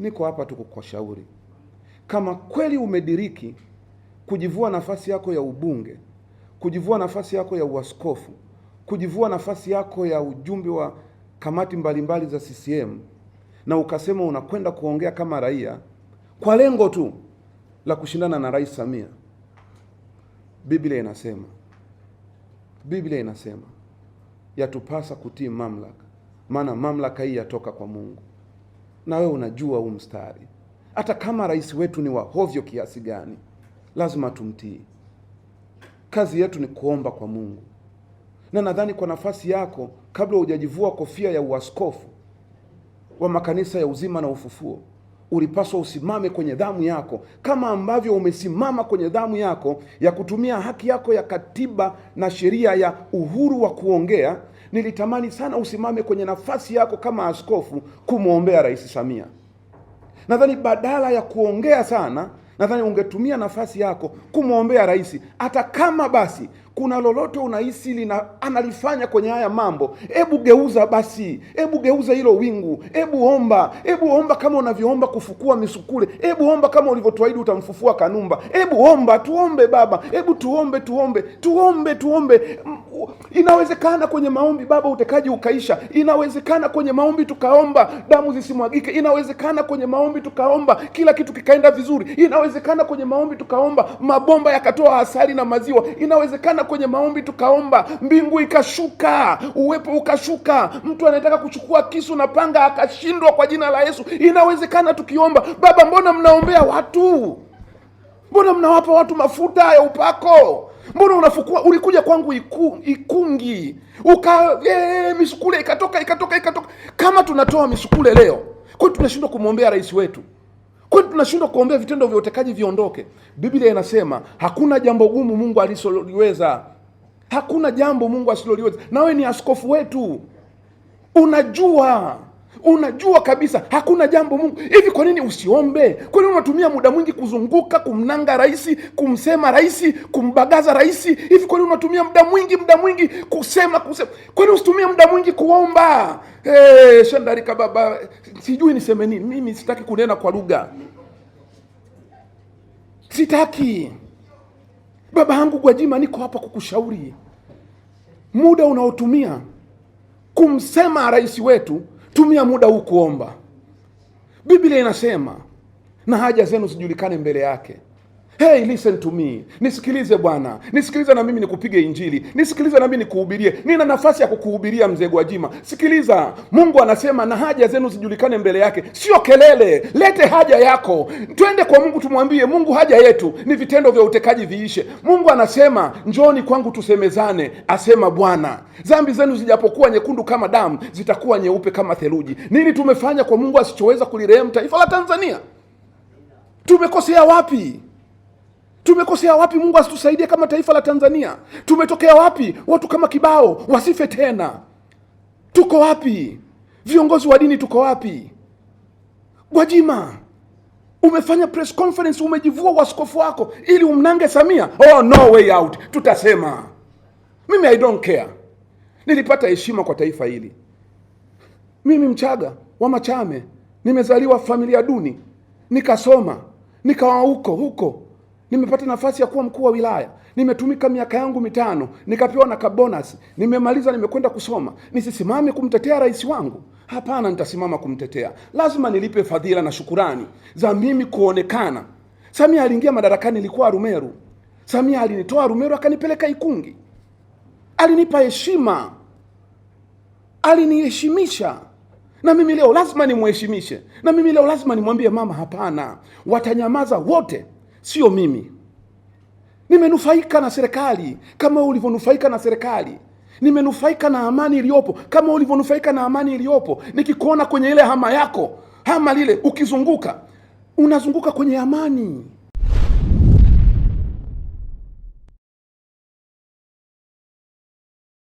niko hapa tu kukushauri, kama kweli umediriki kujivua nafasi yako ya ubunge, kujivua nafasi yako ya uaskofu, kujivua nafasi yako ya ujumbe wa kamati mbalimbali mbali za CCM na ukasema unakwenda kuongea kama raia kwa lengo tu la kushindana na Rais Samia, Biblia inasema Biblia inasema yatupasa kutii mamlaka, maana mamlaka hii yatoka kwa Mungu na wewe unajua huu mstari. Hata kama rais wetu ni wahovyo kiasi gani, lazima tumtii. Kazi yetu ni kuomba kwa Mungu, na nadhani kwa nafasi yako, kabla hujajivua kofia ya uaskofu wa makanisa ya uzima na ufufuo, ulipaswa usimame kwenye dhamu yako, kama ambavyo umesimama kwenye dhamu yako ya kutumia haki yako ya katiba na sheria ya uhuru wa kuongea nilitamani sana usimame kwenye nafasi yako kama askofu kumwombea Rais Samia. Nadhani badala ya kuongea sana, nadhani ungetumia nafasi yako kumwombea rais, hata kama basi kuna lolote unahisi lina analifanya kwenye haya mambo, hebu geuza basi, hebu geuza hilo wingu, hebu omba, hebu omba kama unavyoomba kufukua misukule, hebu omba kama ulivyotuahidi utamfufua Kanumba, hebu omba, tuombe Baba, hebu tuombe, tuombe, tuombe, tuombe. Inawezekana kwenye maombi Baba utekaji ukaisha. Inawezekana kwenye maombi tukaomba damu zisimwagike. Inawezekana kwenye maombi tukaomba kila kitu kikaenda vizuri. Inawezekana kwenye maombi tukaomba mabomba yakatoa asali na maziwa. Inawezekana kwenye maombi tukaomba mbingu ikashuka, uwepo ukashuka, mtu anayetaka kuchukua kisu na panga akashindwa kwa jina la Yesu. Inawezekana tukiomba. Baba, mbona mnaombea watu? Mbona mnawapa watu mafuta ya upako? Mbona unafukua? Ulikuja kwangu iku, Ikungi uka ee, misukule ikatoka ikatoka ikatoka. Kama tunatoa misukule leo, kwani tunashindwa kumwombea rais wetu? Kwani tunashindwa kuombea vitendo vya utekaji viondoke? Biblia inasema hakuna jambo gumu Mungu alisoliweza hakuna jambo Mungu asiloliweza. Nawe ni askofu wetu, unajua Unajua kabisa hakuna jambo Mungu hivi. Kwa nini usiombe? Kwa nini unatumia muda mwingi kuzunguka kumnanga rahisi kumsema rahisi kumbagaza rahisi Hivi kwa nini unatumia muda mwingi muda mwingi kusema kusema? Kwa nini usitumie muda mwingi kuomba? Hey, eh, shandarika baba, sijui niseme nini mimi. Sitaki kunena kwa lugha, sitaki baba yangu Gwajima, niko hapa kukushauri muda unaotumia kumsema rais wetu tumia muda huu kuomba. Biblia inasema na haja zenu zijulikane mbele yake. Hey, listen to me, nisikilize bwana, nisikilize na mimi nikupige Injili, nisikilize na mimi nikuhubirie. Nina nafasi ya kukuhubiria mzee Gwajima, sikiliza. Mungu anasema na haja zenu zijulikane mbele yake, sio kelele. Lete haja yako, twende kwa Mungu, tumwambie Mungu haja yetu, ni vitendo vya utekaji viishe. Mungu anasema njoni kwangu tusemezane, asema Bwana, dhambi zenu zijapokuwa nyekundu kama damu, zitakuwa nyeupe kama theluji. Nini tumefanya kwa Mungu asichoweza kulirehemu taifa la Tanzania? Tumekosea wapi? Tumekosea wapi? Mungu asitusaidie kama taifa la Tanzania. Tumetokea wapi watu kama Kibao wasife tena? Tuko wapi? Viongozi wa dini tuko wapi? Gwajima, umefanya press conference, umejivua waskofu wako ili umnange Samia. Oh, no way out. Tutasema mimi I don't care. Nilipata heshima kwa taifa hili mimi Mchaga wa Machame, nimezaliwa familia duni, nikasoma nikawa huko huko nimepata nafasi ya kuwa mkuu wa wilaya, nimetumika miaka yangu mitano, nikapewa na kabonasi, nimemaliza, nimekwenda kusoma, nisisimame kumtetea rais wangu? Hapana, nitasimama kumtetea. Lazima nilipe fadhila na shukurani za mimi kuonekana. Samia aliingia madarakani, ilikuwa Arumeru. Samia alinitoa Arumeru akanipeleka Ikungi, alinipa heshima, aliniheshimisha na mimi leo lazima nimuheshimishe, na mimi leo lazima nimwambie mama, hapana. Watanyamaza wote sio mimi. Nimenufaika na serikali kama ulivyonufaika na serikali nimenufaika na amani iliyopo kama ulivyonufaika na amani iliyopo. Nikikuona kwenye ile hama yako, hama lile, ukizunguka unazunguka kwenye amani.